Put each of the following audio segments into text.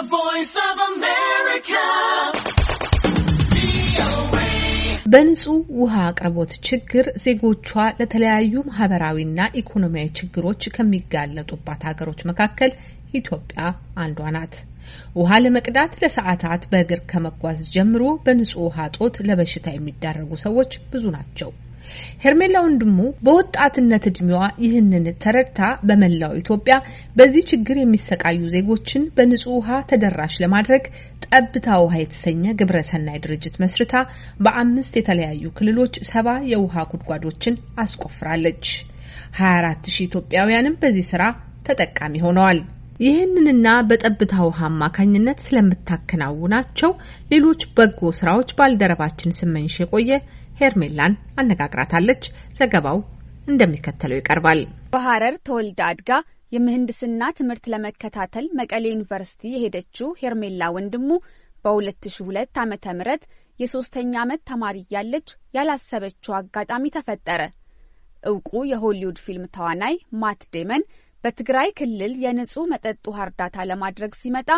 The Voice of America. በንጹህ ውሃ አቅርቦት ችግር ዜጎቿ ለተለያዩ ማህበራዊና ኢኮኖሚያዊ ችግሮች ከሚጋለጡባት ሀገሮች መካከል ኢትዮጵያ አንዷ ናት። ውሃ ለመቅዳት ለሰዓታት በእግር ከመጓዝ ጀምሮ በንጹህ ውሃ ጦት ለበሽታ የሚዳረጉ ሰዎች ብዙ ናቸው። ሄርሜላ ወንድሙ በወጣትነት እድሜዋ ይህንን ተረድታ በመላው ኢትዮጵያ በዚህ ችግር የሚሰቃዩ ዜጎችን በንጹህ ውሃ ተደራሽ ለማድረግ ጠብታ ውሃ የተሰኘ ግብረሰናይ ድርጅት መስርታ በአምስት የተለያዩ ክልሎች ሰባ የውሃ ጉድጓዶችን አስቆፍራለች። 24 ሺህ ኢትዮጵያውያንም በዚህ ስራ ተጠቃሚ ሆነዋል። ይህንንና በጠብታ ውሃ አማካኝነት ስለምታከናውናቸው ሌሎች በጎ ስራዎች ባልደረባችን ስመኝሽ የቆየ ሄርሜላን አነጋግራታለች። ዘገባው እንደሚከተለው ይቀርባል። በሐረር ተወልዳ አድጋ የምህንድስና ትምህርት ለመከታተል መቀሌ ዩኒቨርሲቲ የሄደችው ሄርሜላ ወንድሙ በ2002 ዓ ም የሶስተኛ ዓመት ተማሪ እያለች ያላሰበችው አጋጣሚ ተፈጠረ። እውቁ የሆሊውድ ፊልም ተዋናይ ማት ዴመን በትግራይ ክልል የንጹህ መጠጥ ውሃ እርዳታ ለማድረግ ሲመጣ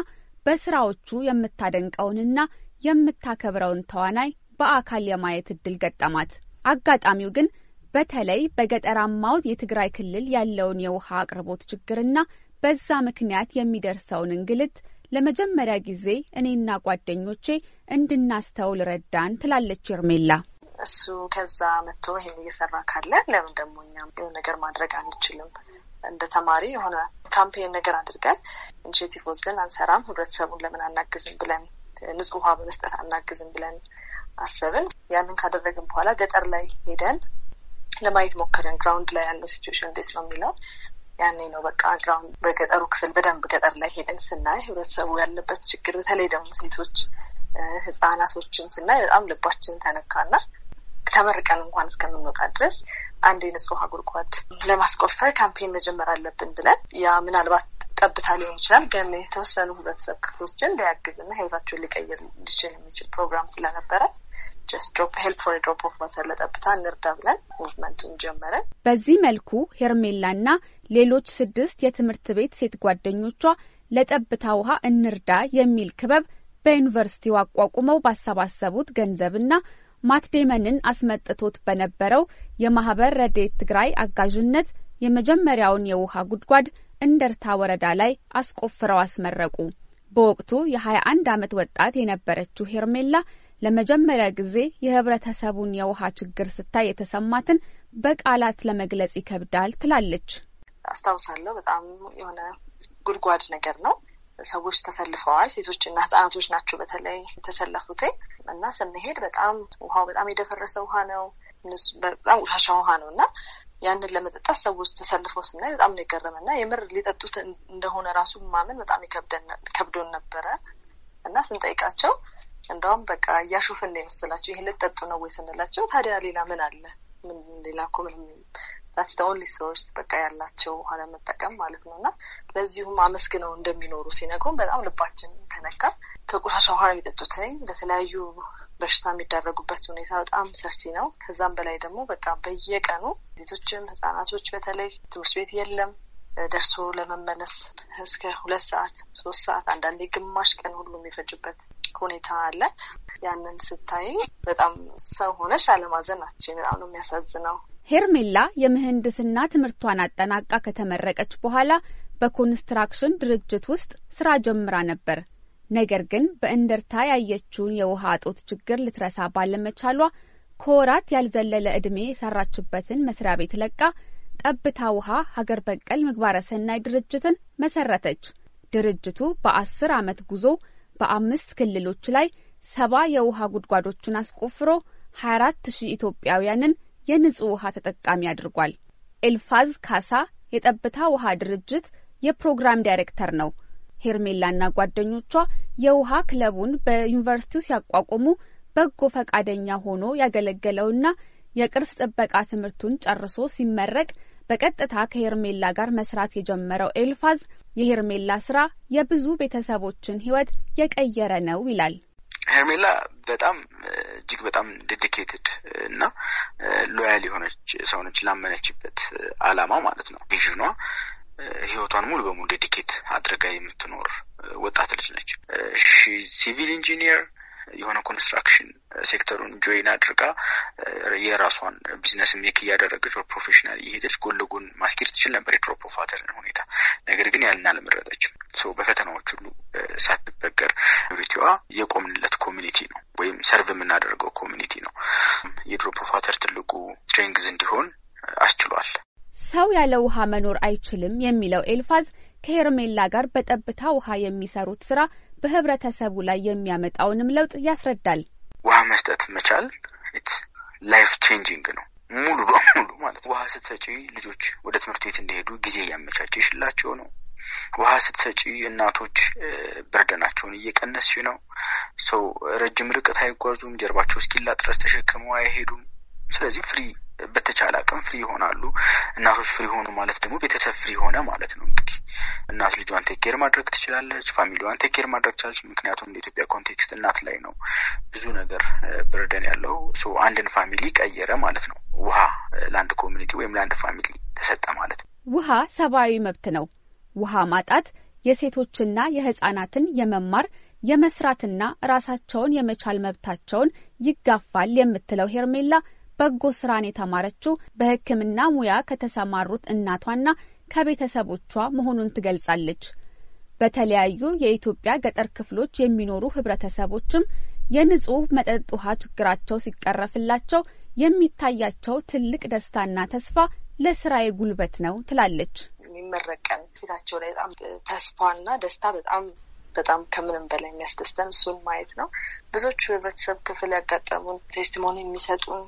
በስራዎቹ የምታደንቀውንና የምታከብረውን ተዋናይ በአካል የማየት እድል ገጠማት። አጋጣሚው ግን በተለይ በገጠራማው የትግራይ ክልል ያለውን የውሃ አቅርቦት ችግርና በዛ ምክንያት የሚደርሰውን እንግልት ለመጀመሪያ ጊዜ እኔና ጓደኞቼ እንድናስተውል ረዳን ትላለች ሄርሜላ። እሱ ከዛ መጥቶ ይሄን እየሰራ ካለ ለምን ደግሞ እኛም የሆነ ነገር ማድረግ አንችልም? እንደ ተማሪ የሆነ ካምፔን ነገር አድርገን ኢኒሽቲቭ ወስደን አንሰራም? ህብረተሰቡን ለምን አናግዝም ብለን ንጹህ ውሃ በመስጠት አናግዝም ብለን አሰብን። ያንን ካደረግን በኋላ ገጠር ላይ ሄደን ለማየት ሞከረን። ግራውንድ ላይ ያለው ሲትዌሽን እንዴት ነው የሚለው ያኔ ነው በቃ ግራውንድ በገጠሩ ክፍል በደንብ ገጠር ላይ ሄደን ስናይ ህብረተሰቡ ያለበት ችግር በተለይ ደግሞ ሴቶች ህጻናቶችን ስናይ በጣም ልባችን ተነካና ተመርቀን እንኳን እስከምንወጣ ድረስ አንድ የንጹህ ውሃ ጉድጓድ ለማስቆፈር ካምፔን መጀመር አለብን ብለን ያ ምናልባት ጠብታ ሊሆን ይችላል ግን የተወሰኑ ህብረተሰብ ክፍሎችን ሊያግዝና ህይወታቸውን ሊቀይር ሊችል የሚችል ፕሮግራም ስለነበረ ለጠብታ እንርዳ ብለን ሙቭመንቱን ጀመረ። በዚህ መልኩ ሄርሜላና ሌሎች ስድስት የትምህርት ቤት ሴት ጓደኞቿ ለጠብታ ውሃ እንርዳ የሚል ክበብ በዩኒቨርሲቲው አቋቁመው ባሰባሰቡት ገንዘብና ማትዴመንን አስመጥቶት በነበረው የማህበር ረዴት ትግራይ አጋዥነት የመጀመሪያውን የውሃ ጉድጓድ እንደርታ ወረዳ ላይ አስቆፍረው አስመረቁ። በወቅቱ የ21 ዓመት ወጣት የነበረችው ሄርሜላ ለመጀመሪያ ጊዜ የህብረተሰቡን የውሃ ችግር ስታይ የተሰማትን በቃላት ለመግለጽ ይከብዳል ትላለች። አስታውሳለሁ። በጣም የሆነ ጉድጓድ ነገር ነው ሰዎች ተሰልፈዋል። ሴቶች ሴቶችና ህጻናቶች ናቸው በተለይ የተሰለፉት እና ስንሄድ በጣም ውሃው በጣም የደፈረሰ ውሃ ነው። በጣም ቆሻሻ ውሃ ነው እና ያንን ለመጠጣት ሰዎች ተሰልፈው ስናይ በጣም ነው እና የምር ሊጠጡት እንደሆነ ራሱ ማመን በጣም ከብዶን ነበረ እና ስንጠይቃቸው እንደውም በቃ እያሾፍን ነው የመሰላቸው ይሄን ልጠጡ ነው ወይ ስንላቸው ታዲያ ሌላ ምን አለ ምን ሌላ እኮ ምንም ዛትስ ኦንሊ ሶርስ በቃ ያላቸው አለመጠቀም ማለት ነው እና ለዚሁም አመስግነው እንደሚኖሩ ሲነግሩን በጣም ልባችን ተነካ። ከቆሻሻ ውሃ የሚጠጡትን ለተለያዩ በሽታ የሚዳረጉበት ሁኔታ በጣም ሰፊ ነው። ከዛም በላይ ደግሞ በቃ በየቀኑ ሴቶችም ህጻናቶች በተለይ ትምህርት ቤት የለም ደርሶ ለመመለስ እስከ ሁለት ሰዓት ሶስት ሰዓት አንዳንዴ ግማሽ ቀን ሁሉ የሚፈጅበት ሁኔታ አለ። ያንን ስታይ በጣም ሰው ሆነሽ አለማዘን አትችይም። በጣም ነው የሚያሳዝነው። ሄርሜላ የምህንድስና ትምህርቷን አጠናቃ ከተመረቀች በኋላ በኮንስትራክሽን ድርጅት ውስጥ ስራ ጀምራ ነበር። ነገር ግን በእንደርታ ያየችውን የውሃ እጦት ችግር ልትረሳ ባለመቻሏ ከወራት ያልዘለለ ዕድሜ የሰራችበትን መስሪያ ቤት ለቃ ጠብታ ውሃ ሀገር በቀል ምግባረ ሰናይ ድርጅትን መሰረተች። ድርጅቱ በአስር ዓመት ጉዞ በአምስት ክልሎች ላይ ሰባ የውሃ ጉድጓዶችን አስቆፍሮ 24 ሺህ ኢትዮጵያውያንን የንጹህ ውሃ ተጠቃሚ አድርጓል። ኤልፋዝ ካሳ የጠብታ ውሃ ድርጅት የፕሮግራም ዳይሬክተር ነው። ሄርሜላና ጓደኞቿ የውሃ ክለቡን በዩኒቨርሲቲው ሲያቋቁሙ በጎ ፈቃደኛ ሆኖ ያገለገለውና የቅርስ ጥበቃ ትምህርቱን ጨርሶ ሲመረቅ በቀጥታ ከሄርሜላ ጋር መስራት የጀመረው ኤልፋዝ የሄርሜላ ስራ የብዙ ቤተሰቦችን ሕይወት የቀየረ ነው ይላል። ሄርሜላ በጣም እጅግ በጣም ዴዲኬትድ እና ሎያል የሆነች ሰው ነች፣ ላመነችበት አላማ ማለት ነው ቪዥኗ ህይወቷን ሙሉ በሙሉ ዴዲኬት አድርጋ የምትኖር ወጣት ልጅ ነች። ሲቪል ኢንጂኒየር የሆነ ኮንስትራክሽን ሴክተሩን ጆይን አድርጋ የራሷን ቢዝነስ ሜክ እያደረገች ፕሮፌሽናል እየሄደች ጎን ለጎን ማስኬድ ትችል ነበር የድሮፖ ሁኔታ። ነገር ግን ያንን አልመረጠችም። ሰው በፈተናዎች ሁሉ ሳትበገር ሪቲዋ የቆምንለት ኮሚኒቲ ነው ወይም ሰርቭ የምናደርገው ኮሚኒቲ ነው። የድሮፕ ኦፍ ዋተር ትልቁ ስትሬንግዝ እንዲሆን አስችሏል። ሰው ያለ ውሃ መኖር አይችልም የሚለው ኤልፋዝ ከሄርሜላ ጋር በጠብታ ውሃ የሚሰሩት ስራ በህብረተሰቡ ላይ የሚያመጣውንም ለውጥ ያስረዳል። ውሃ መስጠት መቻል ኢትስ ላይፍ ቼንጂንግ ነው ሙሉ በሙሉ ማለት ውሃ ስትሰጪ ልጆች ወደ ትምህርት ቤት እንዲሄዱ ጊዜ እያመቻቸሽላቸው ነው። ውሃ ስትሰጪ እናቶች በርደናቸውን እየቀነሱ ነው። ሰው ረጅም ርቀት አይጓዙም። ጀርባቸው እስኪላ ድረስ ተሸክመው አይሄዱም። ስለዚህ ፍሪ በተቻለ አቅም ፍሪ ይሆናሉ። እናቶች ፍሪ ሆኑ ማለት ደግሞ ቤተሰብ ፍሪ ሆነ ማለት ነው። እንግዲህ እናት ልጇን ቴኬር ማድረግ ትችላለች፣ ፋሚሊዋን ቴኬር ማድረግ ትችላለች። ምክንያቱም እንደ ኢትዮጵያ ኮንቴክስት እናት ላይ ነው ብዙ ነገር ብርደን ያለው። አንድን ፋሚሊ ቀየረ ማለት ነው። ውሃ ለአንድ ኮሚኒቲ ወይም ለአንድ ፋሚሊ ተሰጠ ማለት ነው። ውሃ ሰብአዊ መብት ነው። ውሃ ማጣት የሴቶችና የህፃናትን የመማር የመስራትና ራሳቸውን የመቻል መብታቸውን ይጋፋል የምትለው ሄርሜላ በጎ ስራን የተማረችው በሕክምና ሙያ ከተሰማሩት እናቷና ከቤተሰቦቿ መሆኑን ትገልጻለች። በተለያዩ የኢትዮጵያ ገጠር ክፍሎች የሚኖሩ ህብረተሰቦችም የንጹህ መጠጥ ውሃ ችግራቸው ሲቀረፍላቸው የሚታያቸው ትልቅ ደስታና ተስፋ ለስራዬ ጉልበት ነው ትላለች። የሚመረቅ ቀን ፊታቸው ላይ በጣም ተስፋና ደስታ በጣም በጣም ከምንም በላይ የሚያስደስተን እሱን ማየት ነው። ብዙዎቹ የህብረተሰብ ክፍል ያጋጠሙን ቴስቲሞኒ የሚሰጡን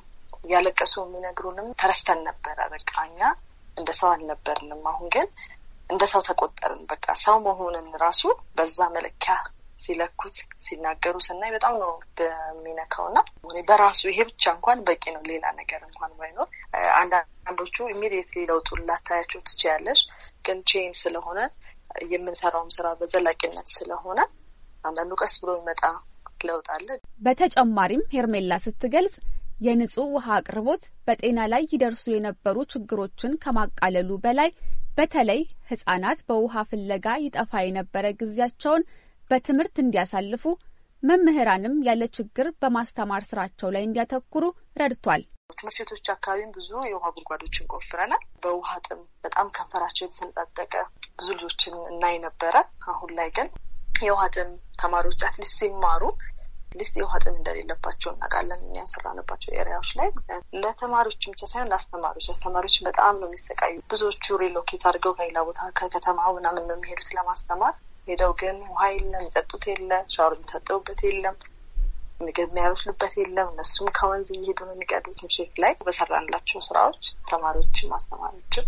ያለቀሱ የሚነግሩንም ተረስተን ነበረ። በቃ እኛ እንደ ሰው አልነበርንም። አሁን ግን እንደ ሰው ተቆጠርን። በቃ ሰው መሆንን ራሱ በዛ መለኪያ ሲለኩት ሲናገሩ ስናይ በጣም ነው በሚነካው እና በራሱ ይሄ ብቻ እንኳን በቂ ነው። ሌላ ነገር እንኳን ባይኖር አንዳንዶቹ ኢሚዲየትሊ ለውጡን ላታያቸው ትችያለሽ፣ ግን ቼን ስለሆነ የምንሰራውም ስራ በዘላቂነት ስለሆነ አንዳንዱ ቀስ ብሎ ይመጣ ለውጥ አለ። በተጨማሪም ሄርሜላ ስትገልጽ የንጹህ ውሃ አቅርቦት በጤና ላይ ይደርሱ የነበሩ ችግሮችን ከማቃለሉ በላይ በተለይ ህጻናት በውሃ ፍለጋ ይጠፋ የነበረ ጊዜያቸውን በትምህርት እንዲያሳልፉ መምህራንም ያለ ችግር በማስተማር ስራቸው ላይ እንዲያተኩሩ ረድቷል። ትምህርት ቤቶች አካባቢም ብዙ የውሃ ጉድጓዶችን ቆፍረናል። በውሃ ጥም በጣም ከንፈራቸው የተሰነጣጠቀ ብዙ ልጆችን እናይ ነበረ። አሁን ላይ ግን የውሃ ጥም ተማሪዎች አትሊስት ሲማሩ ሊስት የውሃ ጥም እንደሌለባቸው እናውቃለን። እኛ ኤሪያዎች ላይ ለተማሪዎች ብቻ ሳይሆን ለአስተማሪዎች አስተማሪዎች በጣም ነው የሚሰቃዩ። ብዙዎቹ ሪሎኬት አድርገው ከሌላ ቦታ ከከተማ ምናምን ነው የሚሄዱት ለማስተማር ሄደው ግን ውሃ የለም፣ ጠጡት የለ፣ ሻወር የሚታጠቡበት የለም። ምግብ የሚያበስሉበት የለም። እነሱም ከወንዝ እየሄዱ ነው የሚቀዱት። ምሽት ላይ በሰራንላቸው ስራዎች ተማሪዎችም አስተማሪዎችም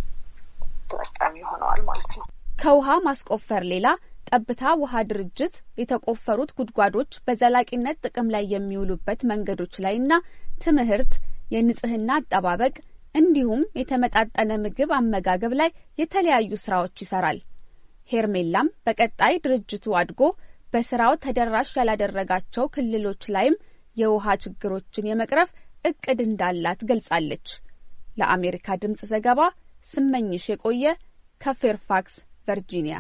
ተጠቃሚ ሆነዋል ማለት ነው። ከውሃ ማስቆፈር ሌላ ጠብታ ውሃ ድርጅት የተቆፈሩት ጉድጓዶች በዘላቂነት ጥቅም ላይ የሚውሉበት መንገዶች ላይና ትምህርት፣ የንጽህና አጠባበቅ እንዲሁም የተመጣጠነ ምግብ አመጋገብ ላይ የተለያዩ ስራዎች ይሰራል። ሄርሜላም በቀጣይ ድርጅቱ አድጎ በስራው ተደራሽ ያላደረጋቸው ክልሎች ላይም የውሃ ችግሮችን የመቅረፍ እቅድ እንዳላት ገልጻለች። ለአሜሪካ ድምፅ ዘገባ ስመኝሽ የቆየ ከፌርፋክስ ቨርጂኒያ